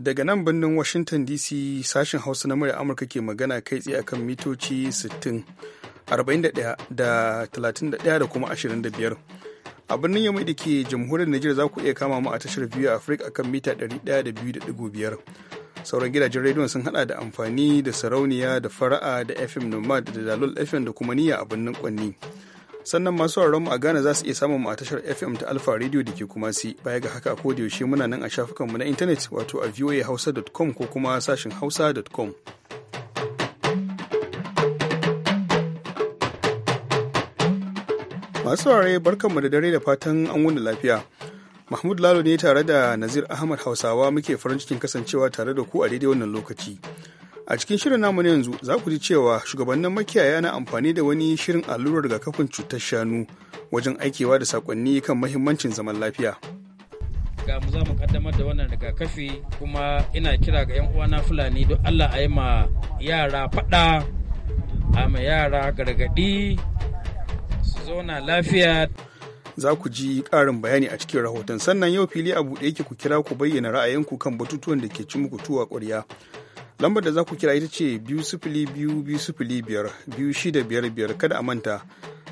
Daga nan birnin Washington DC sashen Hausa na murya Amurka ke magana kai tsaye akan mitoci 60, 41 da 31 da kuma 25. A birnin Yamai da ke jamhuriyar Nijar za ku iya kama mu a tashar biyu a Afirka akan mita 102.5. Sauran gidajen rediyon sun hada da amfani da sarauniya da fara'a da FM Nomad da Dalol FM da kuma niyya a birnin Kwanni. sannan masu mu a Ghana za su iya samun a tashar FM ta Alpha Radio da ke kuma si baya ga haka ko da yaushe muna nan a shafukanmu na intanet wato a voahausa.com ko kuma sashin hausa.com. Masu saurare barkanmu da dare da fatan an wuni lafiya. Mahmud Lalo ne tare da Nazir Ahmad Hausawa muke farin cikin kasancewa tare da ku a daidai wannan lokaci. a cikin shirin namu yanzu za ku ji cewa shugabannin makiyaya na amfani da wani shirin allurar rigakafin cutar shanu wajen aikewa da sakonni kan mahimmancin zaman lafiya ga mu za mu kaddamar da wannan rigakafi kuma ina kira ga 'yan uwana fulani don allah a yi ma yara faɗa a ma yara gargaɗi su zauna lafiya za ku ji ƙarin bayani a cikin rahoton sannan yau fili abu buɗe yake ku kira ku bayyana ra'ayinku kan batutuwan da ke ci muku tuwa ƙwarya lambar da za ku kira ita ce biyu sifili biyu biyu 5 biyar biyu shida biyar kada a manta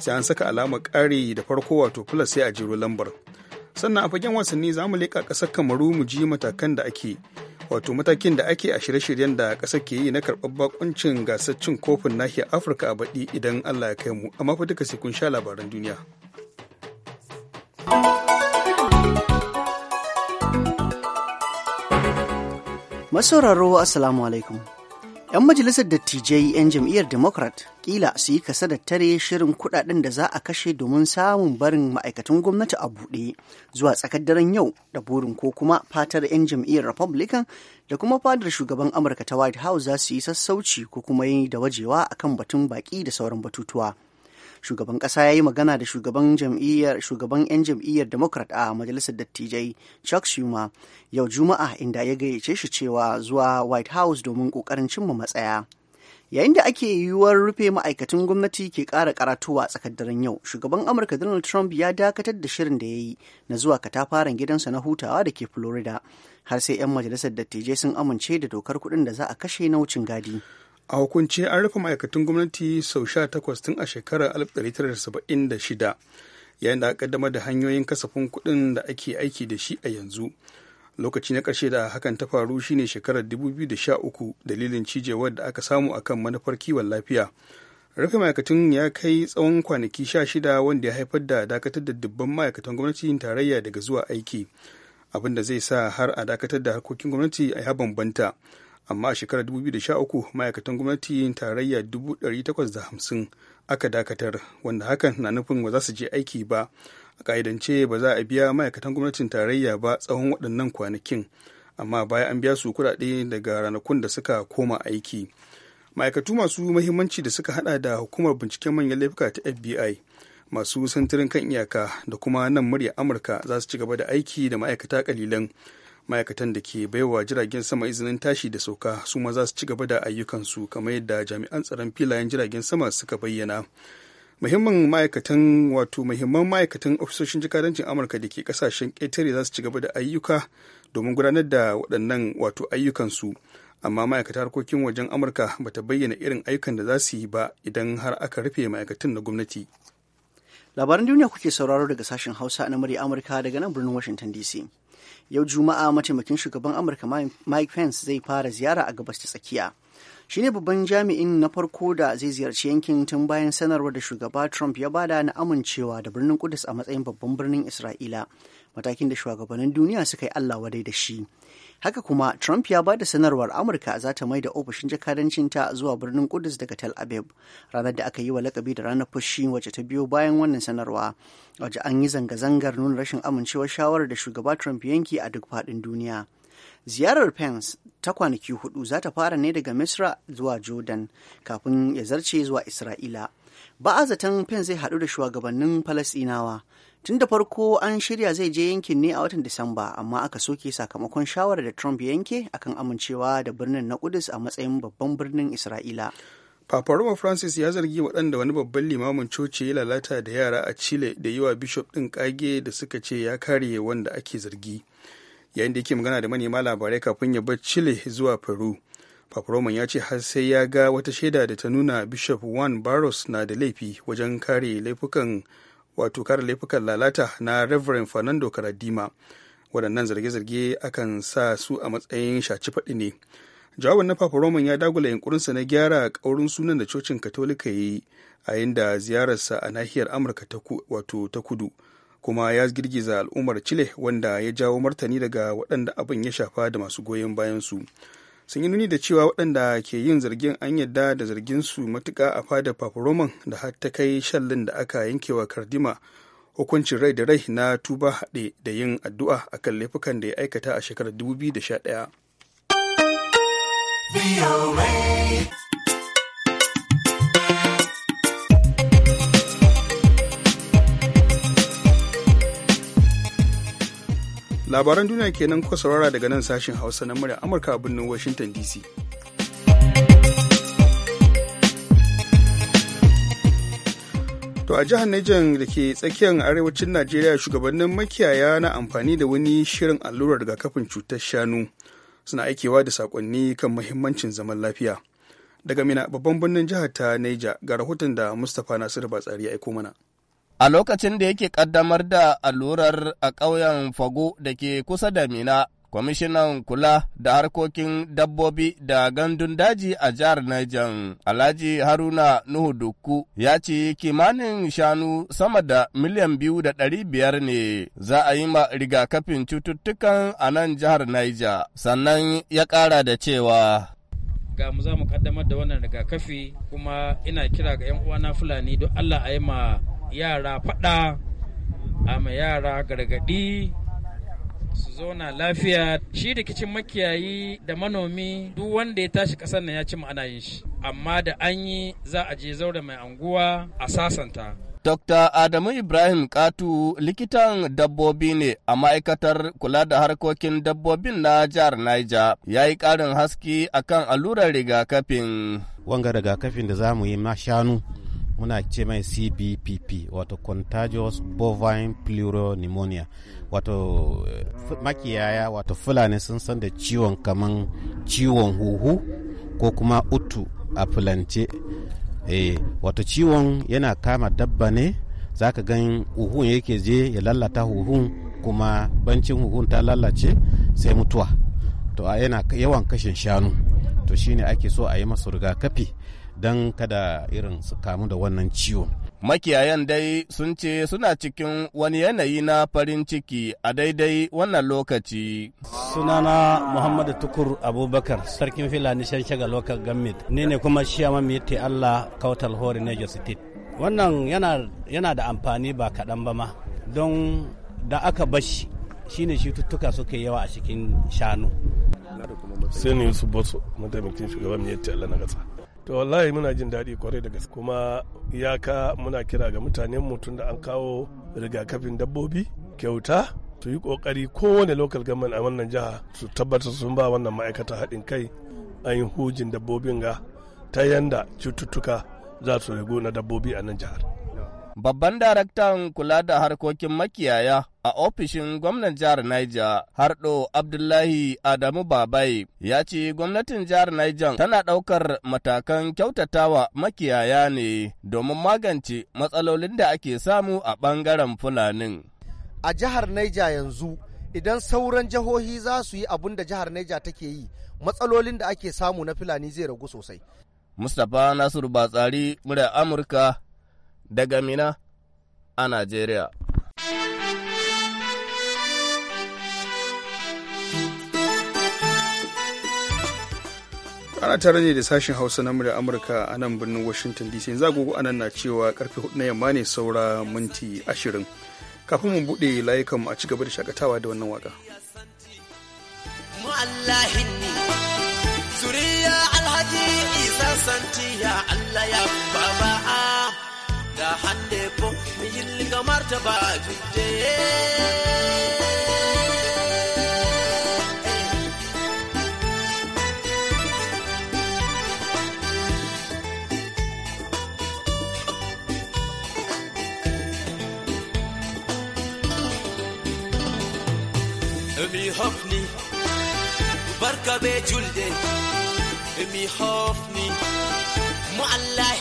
sai an saka alamar ƙari da farko wato plus sai a jiro lambar sannan a fagen wasanni za mu leƙa ƙasar kamaru mu ji matakan da ake wato matakin da ake a shirye-shiryen da ƙasar ke yi na karɓar bakuncin gasar cin kofin nahiyar afirka a baɗi idan allah ya kai mu amma fa duka sai kun sha labaran duniya. masauraro assalamu alaikum yan majalisar dattijai yan jam'iyyar democrat kila su yi kasa da tare shirin kuɗaɗen da za a kashe domin samun barin ma'aikatan gwamnati a buɗe zuwa tsakar daren yau da burin ko kuma fatar yan jam'iyyar republican da kuma fadar shugaban amurka ta white house za su yi sassauci ko kuma yi da wajewa akan batun baki da sauran batutuwa shugaban ƙasa ya yi magana da shugaban 'yan jam'iyyar democrat a majalisar dattijai chuck schumer yau juma'a inda ya gayyace shi cewa zuwa white house domin kokarin cimma matsaya yayin da ake yiwuwar rufe ma'aikatan gwamnati ke kara karatuwa a tsakar daren yau shugaban amurka donald trump ya dakatar da shirin da ya yi na zuwa katafaren gidansa na hutawa da ke florida har sai 'yan majalisar dattijai sun amince da dokar kuɗin da za a kashe na wucin gadi a hukunce an rufe ma'aikatan gwamnati sau sha 18 tun a shekarar 1976 yayin da aka kaddamar da hanyoyin kasafin kuɗin da ake aiki da shi a yanzu lokaci na ƙarshe da hakan ta faru shine shekarar 2013 dalilin cijewar da aka samu akan manufar kiwon lafiya rufe ma'aikatan ya kai tsawon kwanaki sha shida wanda ya haifar da dakatar da dubban ma'aikatan yin tarayya daga zuwa aiki abin da zai sa har a dakatar da harkokin gwamnati a ya bambanta amma a shekarar 2013 ma'aikatan gwamnati tarayya 850 aka dakatar wanda hakan na nufin ba za su je aiki ba a ka'idance ba za a biya ma'aikatan gwamnatin tarayya ba tsawon waɗannan kwanakin amma baya an biya su kuɗaɗe daga ranakun da suka koma aiki ma'aikatu masu mahimmanci da suka hada da hukumar binciken manyan laifuka ta fbi masu sintirin kan iyaka da kuma nan murya amurka za su ci gaba da aiki da ma'aikata kalilan ma'aikatan da ke baiwa jiragen sama izinin tashi da sauka su ma za su ci gaba da ayyukansu kamar yadda jami'an tsaron filayen jiragen sama suka bayyana muhimman ma'aikatan wato muhimman ma'aikatan ofisoshin jikadancin amurka da ke kasashen ƙetare za su ci gaba da ayyuka domin gudanar da waɗannan wato ayyukansu amma ma'aikata harkokin wajen amurka ba ta bayyana irin ayyukan da za su yi ba idan har aka rufe ma'aikatan na gwamnati labaran duniya kuke sauraro daga sashen hausa na murya amurka daga nan birnin washington dc yau juma'a mataimakin shugaban amurka mike pence zai fara ziyara a gabas ta tsakiya shi ne babban jami'in na farko da zai ziyarci yankin tun bayan sanarwar da shugaba trump ya bada na amincewa da birnin kudus a matsayin babban birnin isra'ila matakin da shugabannin duniya suka yi allah wadai da shi Haka kuma Trump ya ba da sanarwar Amurka za ta mai da ofishin jakadancinta zuwa birnin Kudus daga Tel Aviv ranar da aka yi wa lakabi da ranar fushi wacce ta biyo bayan wannan sanarwa waje an yi zanga-zangar nuna rashin amincewar shawarar da shugaba Trump yanki a duk faɗin duniya. Ziyarar Pence ta kwanaki hudu za ta fara ne daga misra zuwa jordan kafin ya zarce zuwa isra'ila ba a zaton pen zai haɗu da shugabannin falasinawa tun da farko an shirya zai je yankin ne a watan disamba amma aka soke sakamakon shawarar da trump ya yanke akan amincewa da birnin na kudus a matsayin babban birnin isra'ila Papa Francis ya zargi waɗanda wani babban limamin coci ya lalata da yara a Chile da yiwa wa bishop ɗin ƙage da suka ce ya kare wanda ake zargi. yayin da yake magana da manema labarai kafin ya bar chile zuwa peru paproman ya ce har sai ya ga wata shaida da ta nuna bishop juan barros na da laifi wajen kare laifukan wato kare laifukan lalata na reverend fernando karadima waɗannan zarge-zarge akan sa su a matsayin shaci faɗi ne jawabin na papa roman ya dagula yunkurinsa na gyara ƙaurin sunan da cocin katolika ya yi a yayin da ziyararsa a nahiyar amurka wato ta kudu kuma ya girgiza al'ummar chile wanda ya jawo martani daga waɗanda abin ya shafa da masu goyon bayan su sun yi nuni da cewa waɗanda ke yin zargin an yadda da zargin su matuka a fadar paparoman da har ta kai shallin da aka yankewa kardima hukuncin rai da rai na tuba haɗe da yin addu'a akan laifukan da ya aikata a shekarar 2011 labaran duniya kenan kuka saurara daga nan sashen hausa na murya amurka a birnin washington dc to a jihar Niger da ke tsakiyar arewacin najeriya shugabannin makiyaya na amfani da wani shirin allurar rigakafin cutar shanu suna aikewa da sakonni kan mahimmancin zaman lafiya daga mina babban birnin jihar ta Niger ga rahoton da mustapha nasiru batsari ya aiko mana A lokacin da yake ƙaddamar da allurar a ƙauyen Fago da ke kusa da Mina, kwamishinan kula da harkokin dabbobi da gandun daji a jihar Niger, Alhaji Haruna Nuhu Dukku ya ce kimanin shanu sama da miliyan biyu da ɗari biyar ne za a yi ma rigakafin cututtukan a nan jihar Niger. Sannan ya ƙara da cewa. Ga mu za mu ƙaddamar da wannan rigakafi kuma ina kira ga 'yan uwana Fulani don Allah a yi ma yara faɗa a ma yara gargadi, su zauna lafiya shi rikicin makiyayi da manomi duk wanda ya tashi kasar nan ya ci ana yin shi amma da an yi za a je zaure mai anguwa a sasanta Dr. Adamu Ibrahim Katu likitan dabbobi ne a ma'aikatar kula da harkokin dabbobin na jihar Niger ya yi ƙarin haske akan allurar rigakafin. Wanga rigakafin da za mu yi ma shanu muna ce mai cbpp wato contagious bovine pneumonia wato eh, makiyaya wato fulani sun san da ciwon kaman ciwon huhu ko kuma utu a fulance e, wato ciwon yana kama dabba ne za ka gan huhun yake je ya lalata huhun kuma bancin huhun ta lalace sai mutuwa to yana yawan kashin shanu to shine ake so a yi masu rigakafi don kada irin su kamu da wannan ciwon. Makiyayan dai sun ce suna cikin wani yanayi na farin ciki a daidai wannan lokaci. Sunana Muhammadu Tukur Abubakar, Sarkin Filani Shanshaga Local Government, ni ne kuma Shiyama Miti Allah Kautal Hori Niger State. Wannan yana, da amfani ba kaɗan ba ma, don da aka bashi shine tuttuka suka yawa a cikin shanu. Sai ne Yusuf Bosso, mataimakin shugaban Miti Allah na gasa. to wallahi muna jin daɗi kwarai da gaske kuma iyaka muna kira ga mutanen mutum da an kawo rigakafin dabbobi kyauta su yi kokari kowane local government a wannan jiha su tabbatar sun ba wannan ma'aikata haɗin kai an yi hujin dabbobin ga ta yanda cututtuka za su ragu na dabbobi a nan jihar babban daraktan kula da harkokin makiyaya a ofishin gwamnan jihar Niger, Hardo Abdullahi Adamu Babai, ya ce gwamnatin jihar Niger tana ɗaukar matakan kyautatawa makiyaya ne domin magance matsalolin da ake samu a ɓangaren Fulanin. A jihar Niger yanzu, idan sauran jihohi za su yi abin da jihar Niger take yi, matsalolin da ake samu na Fulani zai ragu sosai. Mustapha Nasiru Batsari, murya Amurka daga Mina a Najeriya. ana tare ne da sashen hausa na murya amurka a nan birnin washington dc yanzu agogo anan na cewa karfe hudu na yamma ne saura minti ashirin kafin mu bude layukan a ci gaba da shakatawa da wannan waka zuriya allah ya baba daahadheebbo miyyilga maarta baatudee. امي حفني بركة بجلدي امي حفني مع الله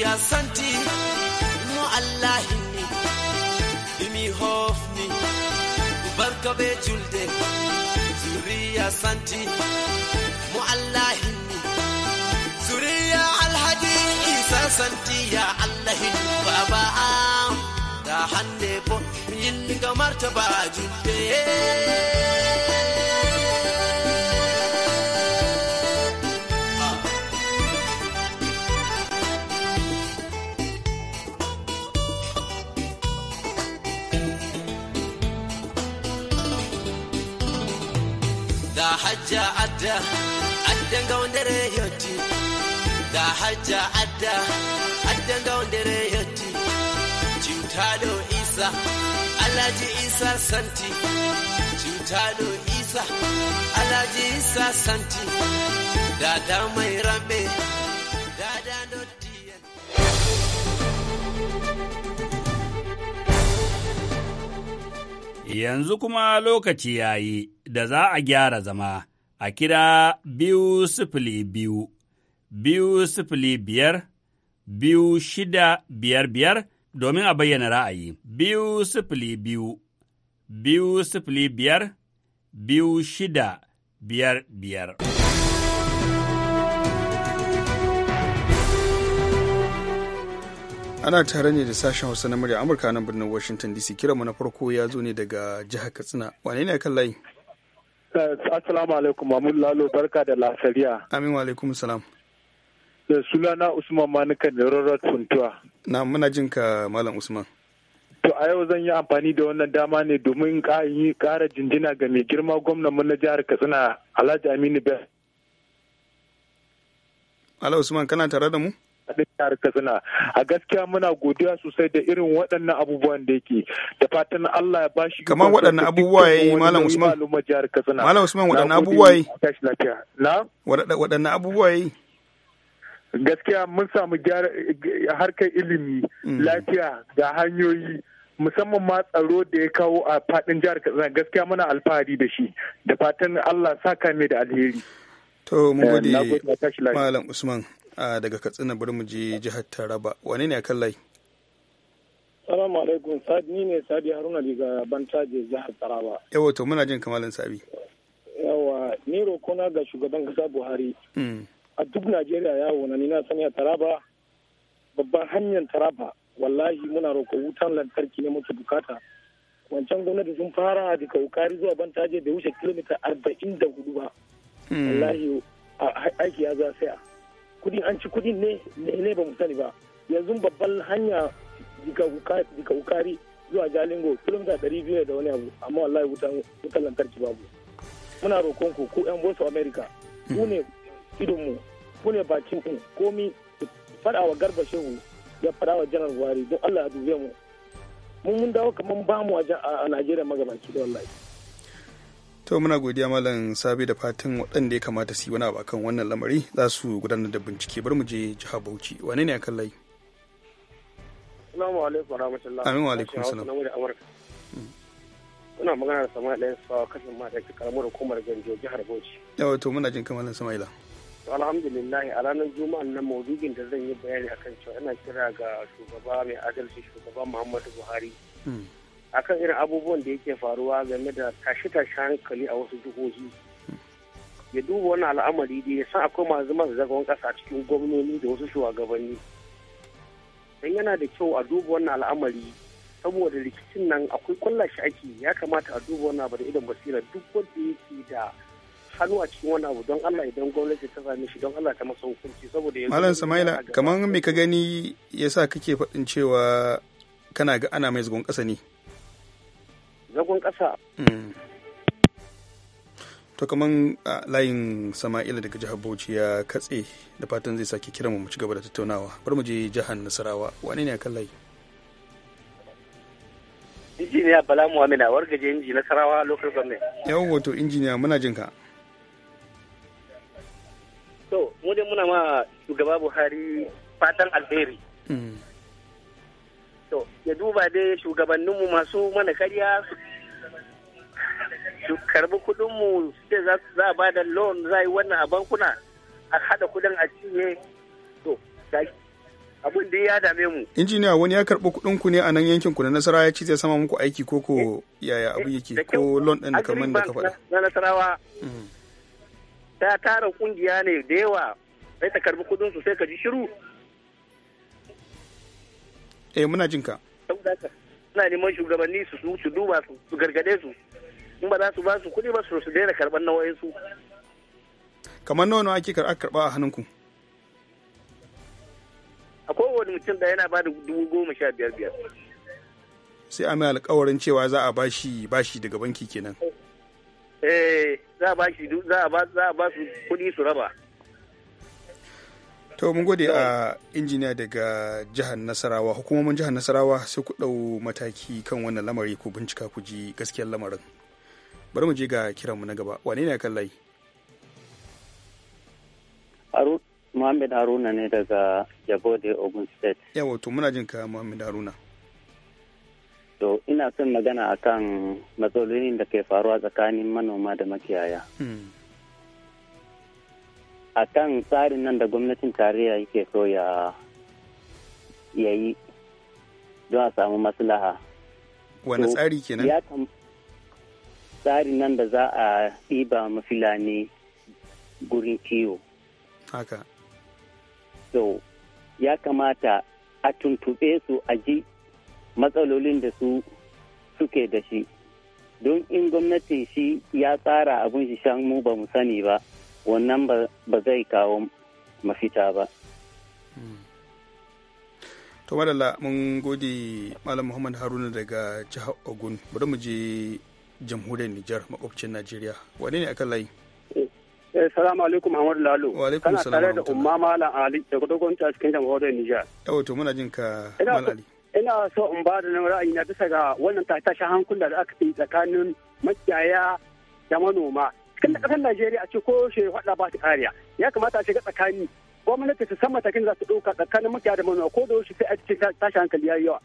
ya santi mu Allah inni imi hofni barka be julde zuriya santi mu Allah inni zuriya alhaji isa santi ya Allah baba da hande ko yin ga martaba julde hajja adda addan ga wandere yoti da hajja adda addan ga wandere cinta do isa alaji isa santi cinta do isa alaji isa santi dada mai rambe dada dotti Yanzu kuma lokaci ya yi da za a gyara zama. a kira biyu sifili biyu, biyu sifili biyar, biyu shida biyar biyar domin a bayyana ra'ayi. Biyu sifili biyu, biyu sifili biyar, biyu shida biyar biyar. ana tare ne da sashen hausa na murya amurka nan birnin washington dc kiranmu na farko ya zo ne daga jihar katsina wane ne kan layi Eh, assalamu alaikum Mamun Lalo barka da lasariya. Amin wa alaikum salam. Da eh, sunana Usman Manuka ne Rorot Funtuwa. Na muna jin ka Malam Usman. To a yau zan yi amfani da wannan dama ne domin yi ƙara jinjina ga mai girma gwamnan mu na jihar Katsina Alhaji Aminu Bello. Ala Usman kana tare da mu? faɗin jihar katsina a gaskiya muna godiya sosai da irin waɗannan abubuwan da yake da fatan allah ya bashi kamar waɗannan abubuwa ya yi malam usman malam usman waɗannan abubuwa ya yi waɗannan abubuwa ya yi gaskiya mun samu harkar ilimi mm. lafiya da hanyoyi musamman ma tsaro da ya kawo a fadin jihar katsina gaskiya muna alfahari da shi da fatan allah saka mai da alheri to mu eh, gode malam usman daga katsina bari mu je jihar taraba wani ne a kan layi salamu alaikum sadi ni ne sadi haruna daga bantaje jihar taraba yawa to muna jin kamalin sabi yawa ni rokona ga shugaban kasa buhari hmm. a duk najeriya yawo na ni na sani a taraba babban hanyar taraba wallahi muna roƙo wutan lantarki ne muke bukata wancan gwamnati sun fara da kaukari zuwa bantaje da wuce kilomita arba'in da hudu ba hmm. wallahi aiki ya za saya. kudin an ci kudin ne ne ba mu sani ba yanzu babban hanya jika ukari zuwa jalingo kilomita ɗari biyu da wani abu amma wallahi wutan lantarki babu muna roƙon ku ku yan bosu america ku ne idonmu ku ne bakin ku komi faɗa wa garba shehu ya faɗa wa janar buhari don allah ya dube mu mun mun dawo kamar bamu a najeriya magabaci da wallahi to muna godiya malam sabi da fatan waɗanda ya kamata su yi wani abu akan wannan lamari za su gudanar da bincike bar mu je jihar bauchi wane ne akan layi Assalamu alaikum warahmatullahi Amin wa alaikum salam. Muna mm. magana da Sama'ila ɗayan kashin mata ke karamar hukumar Ganjo jihar Bauchi. Yawa to muna jin kamalan Sama'ila. Alhamdulillah a ranar Juma'a nan maudugin da zan yi bayani akan cewa ina kira ga shugaba mai adalci shugaba Muhammadu Buhari. Mm. akan irin abubuwan da yake faruwa game da tashi-tashi hankali a wasu jihohi ya duba wani al'amari da ya san akwai masu masu zagon kasa cikin gwamnoni da wasu shugabanni don yana da kyau a duba wannan al'amari saboda rikicin nan akwai kwallashi ake ya kamata a duba wannan abu da idan basira duk wanda yake da hannu a cikin wani abu don Allah idan gwamnati ta sami shi don Allah ta masa hukunci saboda ya Malam Samaila kamar me ka gani yasa kake faɗin cewa kana ga ana mai zagon ƙasa ne zagon ƙasa. Hmm. to kaman layin sama'ila daga jihar bauchi ya katse da fatan zai sake kiran mu ci gaba da tattaunawa bar mu je jihar nasarawa wane ne akan layi injiniya bala muhammed a wargaje inji nasarawa local government yawon wato injiniya muna jinka to mu dai muna ma shugaba buhari fatan alheri hmm. ya duba dai shugabanninmu masu mana karya su karbi kudinmu sai za a ba da loan za yi wannan a bankuna a hada kudin a cinye to abin da ya dame mu injiniya wani ya karbi kudin ku ne a nan yankin ku na nasara ya ci zai sama muku aiki ko ko yaya abin yake eh, ko loan din da kaman da ka faɗa na nasarawa mm. ta tara kungiya ne da yawa sai ta karbi kudin su sai ka ji shiru eh muna jinka suna neman shugabanni su su duba su gargade su in ba za su ba su kuɗi ba su su daina karɓar nau'o'in su kamar nawa ake karɓa a hannunku a kowane mutum da yana ba da dubu goma sha biyar biyar sai a mai alkawarin cewa za a bashi bashi daga banki kenan eh za a bashi za a ba su kuɗi su raba to mun gode a injiniya daga jihar nasarawa hukumomin jihar nasarawa sai ku ɗau mataki kan wannan lamari ku bincika ku ji gaskiyar lamarin bari mu je ga kiranmu na gaba wane ne kan layi muhammed Haruna ne daga Jabode Ogun State. Yawa to muna jin ka muhammed Haruna. To ina son magana akan matsalolin da ke faruwa tsakanin manoma da makiyaya. Hmm. a kan tsarin nan da gwamnatin tarayya yake so ya yi don a samu maslaha. Wani tsari kenan? tsarin nan da za a ɗiba mafilani gurin kiwo. Haka. So, ya kamata a tuntube su a ji matsalolin da su suke da shi. Don in gwamnati shi ya tsara abin shi shan mu ba mu sani ba. wannan ba zai kawo mafita ba to madalla mun gode malam muhammad haruna daga jihar ogun bari mu je jamhuriyar nijar makwabcin najeriya wane ne akan layi eh, eh, Salamu alaikum Muhammadu Lalo. Wa alaikum salam. Kana tare da Umma Malam Ali daga dogon ta cikin jamhuriyar Nijar. Yawo to muna jin ka Malam Ali. Ina so in ba da ra'ayi na bisa ga wannan tashin hankula da aka yi tsakanin makiyaya da manoma. kan da kasar Najeriya a ce ko she hada ba ta kariya ya kamata a shiga tsakani gwamnati ta sama matakin za su ɗauka tsakanin mutane da manoma ko da yaushe sai a ce tashi hankali yayi yawa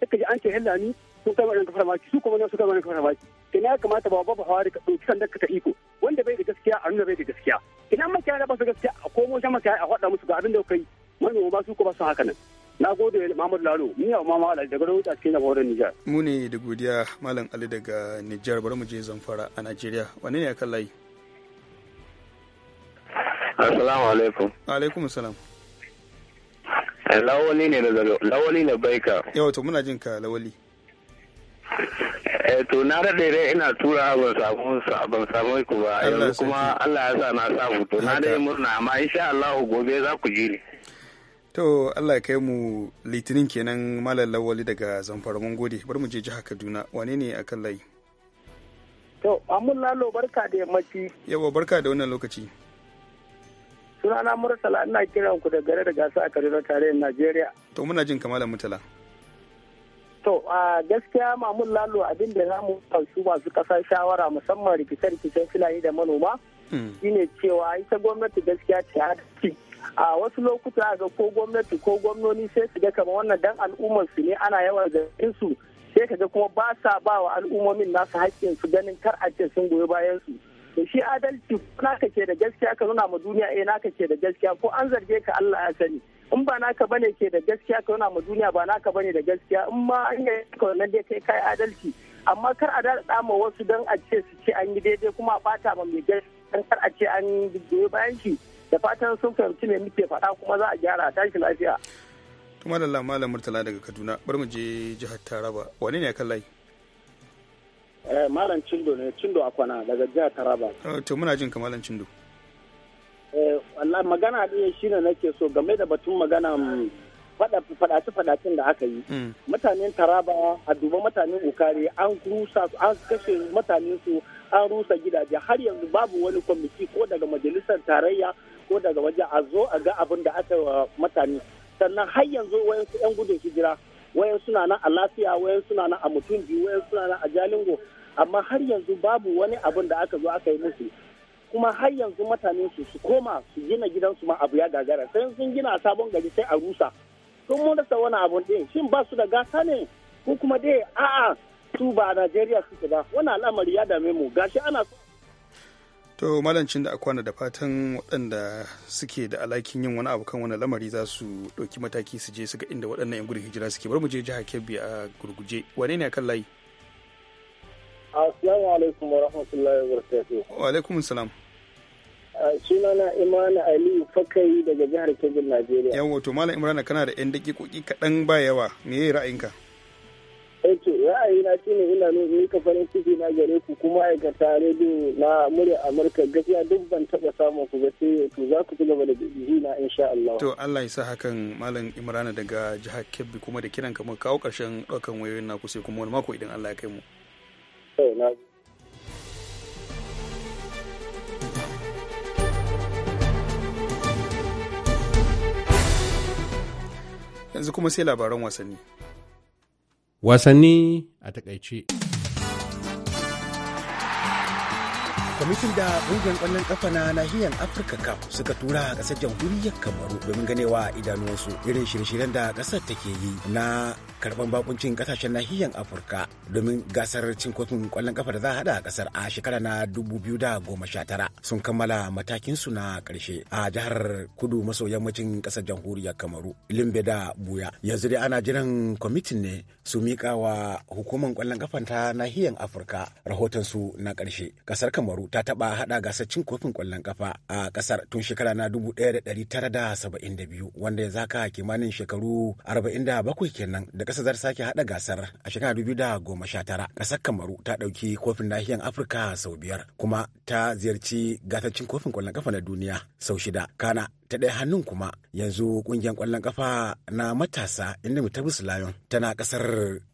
suka ji an ce hillani su kai wannan kafar maki su kuma su kai wannan kafar maki ina ya kamata ba babu hawari ka ɗauki sandan ka ta iko wanda bai da gaskiya a nuna bai da gaskiya ina makiyaya ba su gaskiya a komo ta makiyaya a hada musu ga abin da kai manoma ba su ko ba su haka nan na gode Muhammad Lalo ni yau mama Ali daga Rahoto a cikin jamhuriyar Nijar mu ne da godiya Malam Ali daga Nijar bari mu je Zamfara a Najeriya wani ne ya kan layi Assalamu alaikum alaikum salam Lawali ne da Lawali ne baika yau to muna jin ka Lawali eh to na daɗe dai ina tura ban samu ban samu ku ba kuma Allah ya sa na samu to na dai murna amma insha Allah gobe za ku ji ni To Allah ya kai mu litinin kenan Malam Lawali daga Zamfara mun gode bari mu je jiha Kaduna wane ne a kan layi? To Amun Lalo barka da yammaci. Yawa barka da wannan lokaci. Sunana Murtala ina kiran ku da gare da gasa a Kaduna da Najeriya. To muna jin kamalan Mutala. To a gaskiya Mamun Lalo abin da za mu su masu kasar shawara musamman rikice-rikicen Fulani da manoma. Hmm. Shine cewa ita gwamnati gaskiya ce a a wasu lokuta a ga ko gwamnati ko gwamnoni sai su ga kamar wannan dan al'ummar su ne ana yawan zargin su sai ga kuma ba sa ba wa al'ummomin nasu haƙƙin su ganin kar a ce sun goyi bayan su to shi adalci naka ke da gaskiya ka nuna ma duniya eh naka ke da gaskiya ko an zarge ka Allah ya sani in ba naka bane ke da gaskiya ka nuna ma duniya ba naka bane da gaskiya in ma an yi ka wannan dai kai kai adalci amma kar a dada ma wasu dan a ce su ce an yi daidai kuma a bata ma mai gaskiya kar a ce an goyi bayan shi da fatan sun fahimci me muke faɗa kuma za a gyara tashi lafiya kuma da malam murtala daga kaduna bari mu je jihar taraba wani ne kan layi eh malam cindo ne cindo akwana daga jihar taraba ah, to muna jin ka malam cindo eh magana din shine nake so game da batun magana faɗace faɗacen da aka yi mm. mutanen taraba a duba mutanen ukari an rusa an kashe mutanen su an rusa gidaje har yanzu babu wani kwamiti ko daga majalisar tarayya ko daga waje a zo a ga abin da aka wa mutane sannan har yanzu wayansu 'yan gudun hijira wayan suna nan a lafiya wayan suna nan a mutum biyu wayan suna nan a jalingo amma har yanzu babu wani abin da aka zo aka yi musu kuma har yanzu mutane su su koma su gina gidansu ma abu ya gagara sai sun gina a sabon gari sai a rusa sun mun rasa wani abun din shin ba su da gasa ne ko kuma dai a'a su ba a Najeriya suke ba wani al'amari ya dame mu gashi ana so to malancin da akwana da fatan waɗanda suke da alakin yin wani abu kan wani lamari za su ɗauki mataki su je su ga inda waɗannan 'yan gudun hijira suke bari mu je jiha kebbi a gurguje wane ne akan layi assalamu alaikum wa rahmatullahi wa barakatuhu wa alaikum salam na imana ali fakai daga jihar kebbi najeriya yawa to malam imrana kana da 'yan daƙiƙoƙi kaɗan ba yawa me ra'ayinka na eh, ra'ayina shine ina nuna farin ciki na gare ku kuma aikata rediyo na murya amurka gaskiya duk ban taba samun ku ba sai to za ku ci gaba da bibi na insha Allah to Allah ya sa hakan malam Imrana daga jihar Kebbi kuma da kiran kamar kawo karshen ɗaukan wayoyin naku sai kuma wani mako idan Allah ya kai mu yanzu kuma sai labaran wasanni Wasanni a takaice. kwamitin da ƙungiyar ƙwallon ƙafa na nahiyar afirka cup suka tura a ƙasar jamhuriyar kamaru domin ganewa idanuwansu irin shirye-shiryen da ƙasar take yi na karban bakuncin ƙasashen nahiyar afirka domin gasar cin kofin ƙwallon ƙafa da za a haɗa a ƙasar. a shekara na 2019 sun kammala matakinsu na ƙarshe. a jihar kudu maso yammacin kasar jamhuriyar kamaru limbe da buya yanzu dai ana jiran kwamitin ne su miƙa wa hukumar ƙwallon ƙafa ta nahiyar afirka rahotonsu na ƙarshe, kasar kamaru ta taɓa haɗa gasar cin kofin ƙwallon ƙafa a ƙasar tun shekara na 1972 wanda ya zaka kimanin shekaru 47 kenan da ƙasar zar sake haɗa gasar a shekara 2019. Ƙasar Kamaru ta ɗauki kofin nahiyar Afirka sau biyar kuma ta ziyarci gasar cin kofin ƙwallon ƙafa na duniya sau shida. Kana ta ɗaya hannun kuma yanzu ƙungiyar ƙwallon ƙafa na matasa inda mu tabbas layon tana ƙasar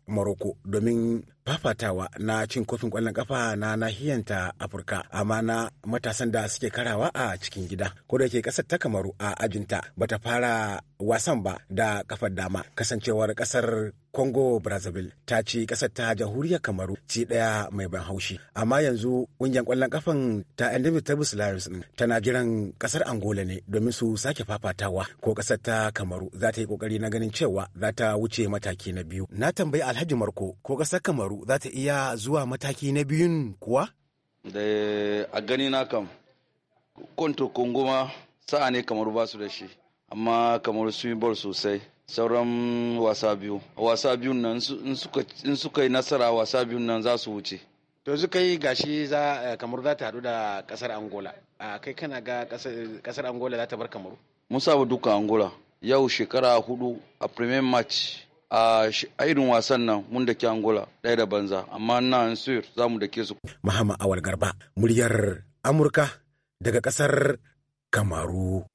Morocco domin fafatawa na cin kofin ƙwallon ƙafa na nahiyanta Afirka amma na matasan da suke karawa a cikin gida. Ko da ke ƙasar ta Kamaru a ajinta bata fara wasan ba da ƙafar dama kasancewar ƙasar Congo Brazzaville ta ci ƙasar ta jamhuriyar Kamaru ci ɗaya mai ban haushi. Amma yanzu ƙungiyar ƙwallon kafan ta Indomitable Lions tana jiran ƙasar Angola ne domin su sake fafatawa ko ƙasar ta Kamaru za ta yi kokari na ganin cewa za ta wuce mataki na biyu. Na tambayi Alhaji Marko ko kasar Kamaru za ta iya zuwa mataki na biyun kuwa? Da a gani na kam, Konto kunguma sa'a ne Kamaru ba su da shi, amma Kamaru sun yi bol sosai. sauran wasa biyu wasa biyun nan in suka yi nasara wasa biyun nan za su wuce to suka yi gashi za eh, kamar za ta haɗu da ƙasar angola a kai kana ga ƙasar angola za ta bar kamaru musa wa duka angola yau shekara hudu a premier match a irin wasan nan mun da ke angola ɗaya da banza amma na ansur za mu da ke su mahama awal garba muryar amurka daga ƙasar kamaru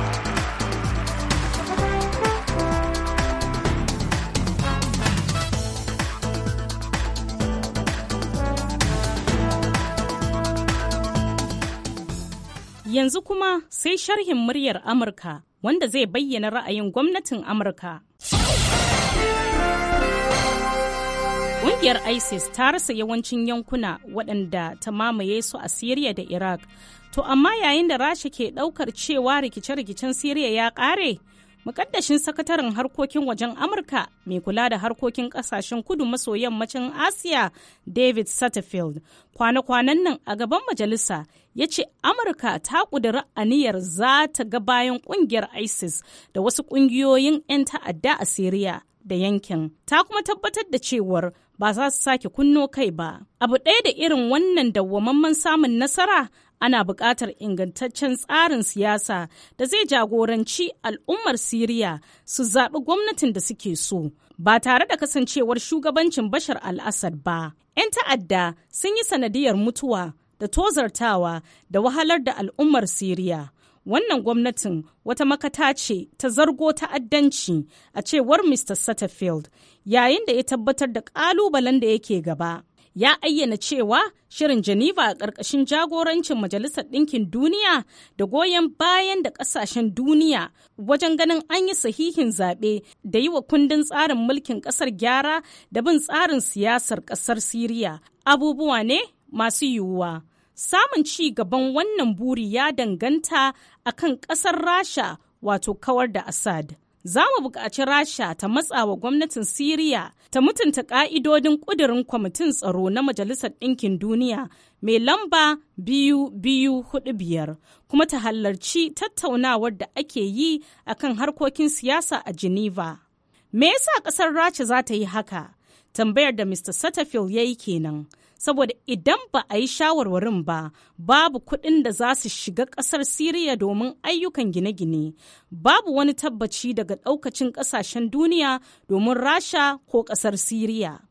Yanzu kuma sai sharhin muryar Amurka wanda zai bayyana ra'ayin gwamnatin Amurka. Ƙungiyar ISIS ta rasa yawancin yankuna waɗanda ta mamaye su a Siriya da Iraq. To amma yayin da Rasha ke ɗaukar cewa rikice-rikicen Siriya ya ƙare, mukaddashin sakataren harkokin wajen amurka mai kula da harkokin kasashen kudu maso yammacin asiya david satterfield kwana-kwanan nan a gaban majalisa ya ce amurka ta ƙudiri aniyar za ta ga bayan ƙungiyar isis da wasu ƙungiyoyin 'yan ta'adda a siriya da yankin ta kuma tabbatar da cewar ba za su sake kunno kai ba abu ɗaya da irin wannan dawwamamman samun nasara ana buƙatar ingantaccen tsarin siyasa da zai jagoranci al'ummar siriya su zaɓi gwamnatin da suke so ba tare da kasancewar shugabancin bashar al ba 'yan ta'adda sun yi sanadiyar mutuwa da tozartawa da wahalar da al'ummar siriya wannan gwamnatin wata makata ce ta zargo ta'addanci a cewar mr satterfield yayin da ya tabbatar da ƙalubalen da yake gaba ya ayyana cewa shirin Geneva a ƙarƙashin jagorancin Majalisar Ɗinkin Duniya da goyon bayan da ƙasashen duniya wajen ganin an yi sahihin zaɓe da yi wa kundin tsarin mulkin ƙasar gyara da bin tsarin siyasar ƙasar Siriya abubuwa ne masu yiwuwa. Samun ci gaban wannan buri ya danganta akan ƙasar Rasha wato kawar da Assad. za mu buƙaci rasha ta matsa wa gwamnatin siriya ta mutunta ƙa'idodin ƙudurin kwamitin tsaro na majalisar ɗinkin duniya mai lamba biyu biyu hudu biyar kuma ta halarci tattaunawar da ake yi akan harkokin siyasa a geneva me yasa ƙasar rasha za ta yi haka tambayar da mr satterfield ya yi kenan saboda idan ba a yi shawarwarin ba babu kuɗin da za su shiga ƙasar siriya domin ayyukan gine-gine babu wani tabbaci daga ɗaukacin ƙasashen duniya domin rasha ko ƙasar siriya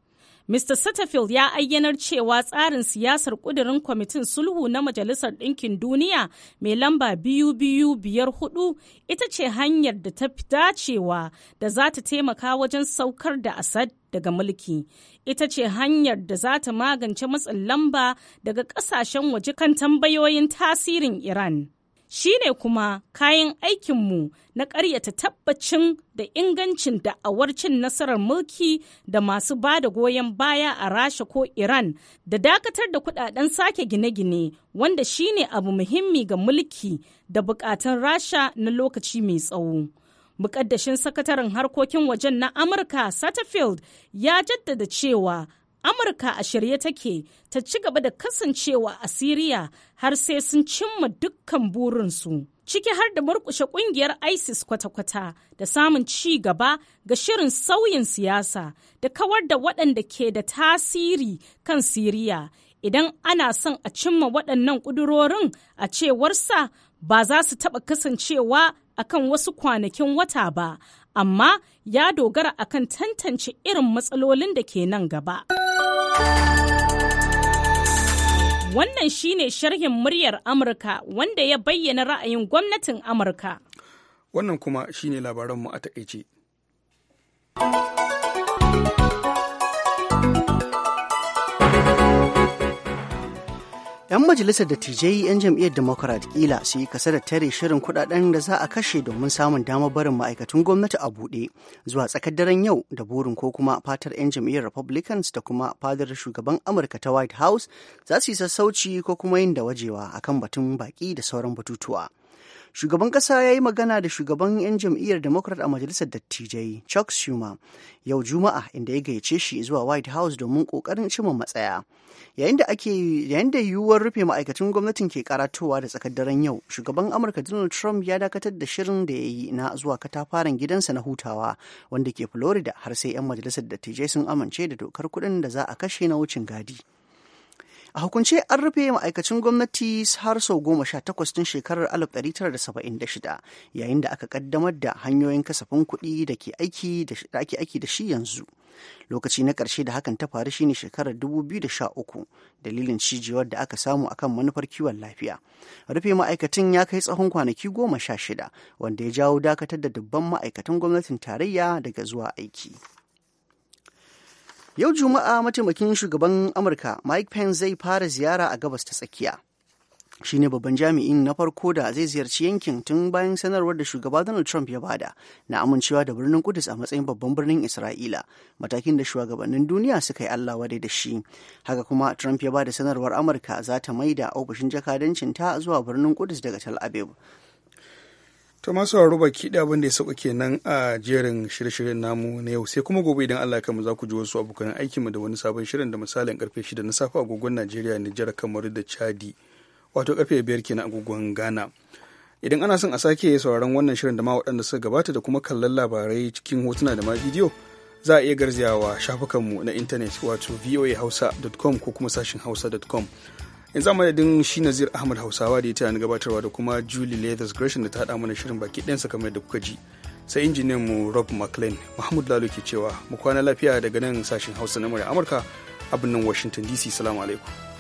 Mr. Satterfield ya ayyanar cewa tsarin siyasar kudirin kwamitin sulhu na Majalisar Ɗinkin Duniya mai lamba biyu biyu biyar hudu ita ce hanyar da ta fi dacewa da za ta taimaka wajen saukar da Assad daga mulki. Ita ce hanyar da za ta magance matsin lamba daga ƙasashen waje kan tambayoyin tasirin Iran. Shi ne kuma kayan aikinmu na ƙaryata tabbacin da ingancin da'awar cin nasarar mulki da masu ba da goyon baya a rasha ko iran da dakatar da kudaden sake gine-gine wanda shi ne abu muhimmi ga mulki da bukatun rasha na lokaci mai tsawo mukaddashin sakataren harkokin wajen na amurka satterfield ya jaddada cewa Amurka a shirye take ta ci gaba da kasancewa a Siriya har sai sun cimma dukkan burinsu. Ciki har da murkushe kungiyar ISIS kwata-kwata da samun ci gaba ga shirin sauyin siyasa da kawar da waɗanda ke da tasiri kan Siriya. Idan ana son a cimma waɗannan ƙudurorin a cewarsa ba za su taɓa kasancewa a kan wasu kwanakin wata ba amma ya dogara a kan tantance irin matsalolin da ke nan gaba. Wannan shi ne sharhin muryar Amurka wanda ya bayyana ra'ayin gwamnatin Amurka. Wannan kuma shi ne labaranmu a takaice. 'Yan majalisar da dattijai 'yan jam'iyyar Democrat kila su yi kasa da tare shirin kudaden da za a kashe domin samun damar barin ma'aikatan gwamnati a buɗe zuwa tsakar daren yau da burin ko kuma fatar 'yan jam'iyyar Republicans da kuma fadar shugaban Amurka ta White House za su yi sassauci ko kuma yin da wajewa akan batun baki da sauran batutuwa. Shugaban kasa ya yi magana da shugaban 'yan jam'iyyar Democrat a majalisar dattijai Chuck Schumer yau Juma'a inda ya gayyace shi zuwa White House domin kokarin cimma matsaya. Yayin da ake yayin da yiwuwar rufe ma'aikatan gwamnatin ke karatowa da tsakar daren yau, shugaban Amurka Donald Trump ya dakatar da shirin da ya yi na zuwa katafaren gidansa na hutawa wanda ke Florida har sai 'yan majalisar dattijai sun amince da dokar kuɗin da za a kashe na wucin gadi. A hukunce an rufe ma'aikacin gwamnati har sau goma sha takwas tun shekarar tara 1976 yayin da aka kaddamar da hanyoyin kasafin kuɗi da ake aiki da shi yanzu. Lokaci na ƙarshe da hakan ta faru shine shekarar dubu da sha uku, dalilin cijewar da aka samu akan manufar kiwon lafiya. Rufe ma'aikatan ya kai tsahon kwanaki goma sha shida wanda ya jawo dakatar da dubban ma'aikatan gwamnatin tarayya daga zuwa aiki. Yau Juma'a mataimakin shugaban Amurka Mike Pence zai fara ziyara a gabas ta tsakiya. Shi ne babban jami'in na farko da zai ziyarci yankin tun bayan sanarwar da shugaba Donald Trump ya bada na amincewa da birnin Kudus a matsayin babban birnin Isra'ila, matakin da shugabannin duniya suka yi Allah wadai da shi. Haka kuma Trump ya bada sanarwar Amurka za ta da ofishin jakadancin ta zuwa birnin Kudus daga Tel Aviv. To masu sauraro baki da abin da ya sauka kenan a jerin shirye-shiryen namu na yau sai kuma gobe idan Allah mu za ku ji wasu abokan aikin mu da wani sabon shirin da misalin karfe 6 na safe agogon Najeriya Nijar kamar da Chadi wato karfe 5 kenan agogon Ghana. Idan ana son a sake sauraron wannan shirin da ma waɗanda suka gabata da kuma kallon labarai cikin hotuna da ma bidiyo za a iya garzayawa shafukanmu na intanet wato voahausa.com ko kuma sashin hausa.com. yanzu madadin shi nazir ahmad hausawa da ya tana gabatarwa da kuma julie leathers gresham da ta haɗa mana shirin baki ɗansa kamar da kuka ji sai injiniyan mu rob mclean mahmud lalo ke cewa mu kwana lafiya daga nan sashen hausa na murya amurka abin nan washington dc salamu alaikum